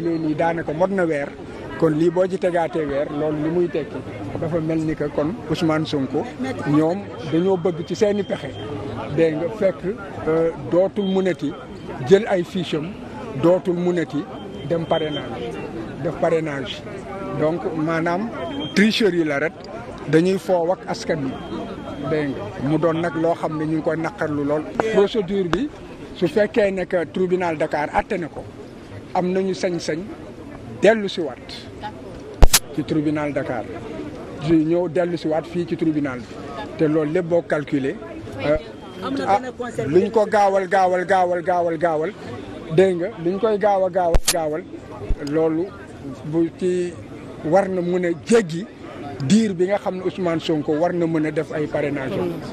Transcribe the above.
calculer lii daanaka mot na weer kon lii boo ci tegaatee weer loolu li muy tekki dafa mel ni que kon Ousmane Sonko ñoom dañoo bëgg ci seeni pexe dégg nga fekk euh, dootul munati jël ay fiches dootul dootul munati dem parrainage def parenage donc maanaam tricherie la ret dañuy foow ak askan wi dégg nga mu doon nag loo xam ne ñu ngi koy naqarlu lool. procédure bi su fekkee ne que tribunal Dakar atte na ko. am nañu sañ-sañ dellu si waat ci tribunal Dakar ju ñëw dellu si waat fii ci tribunal bi te loolu lépp boo calculer euh, ah lu ñu ko gaawal gaawal gaawal gaawal gaawal dégg nga lu koy gaaw a gaaw a gaawal loolu bu ci war na mën a jéggi diir bi nga xam ne Ousmane Sonko war na mën a def ay parrainage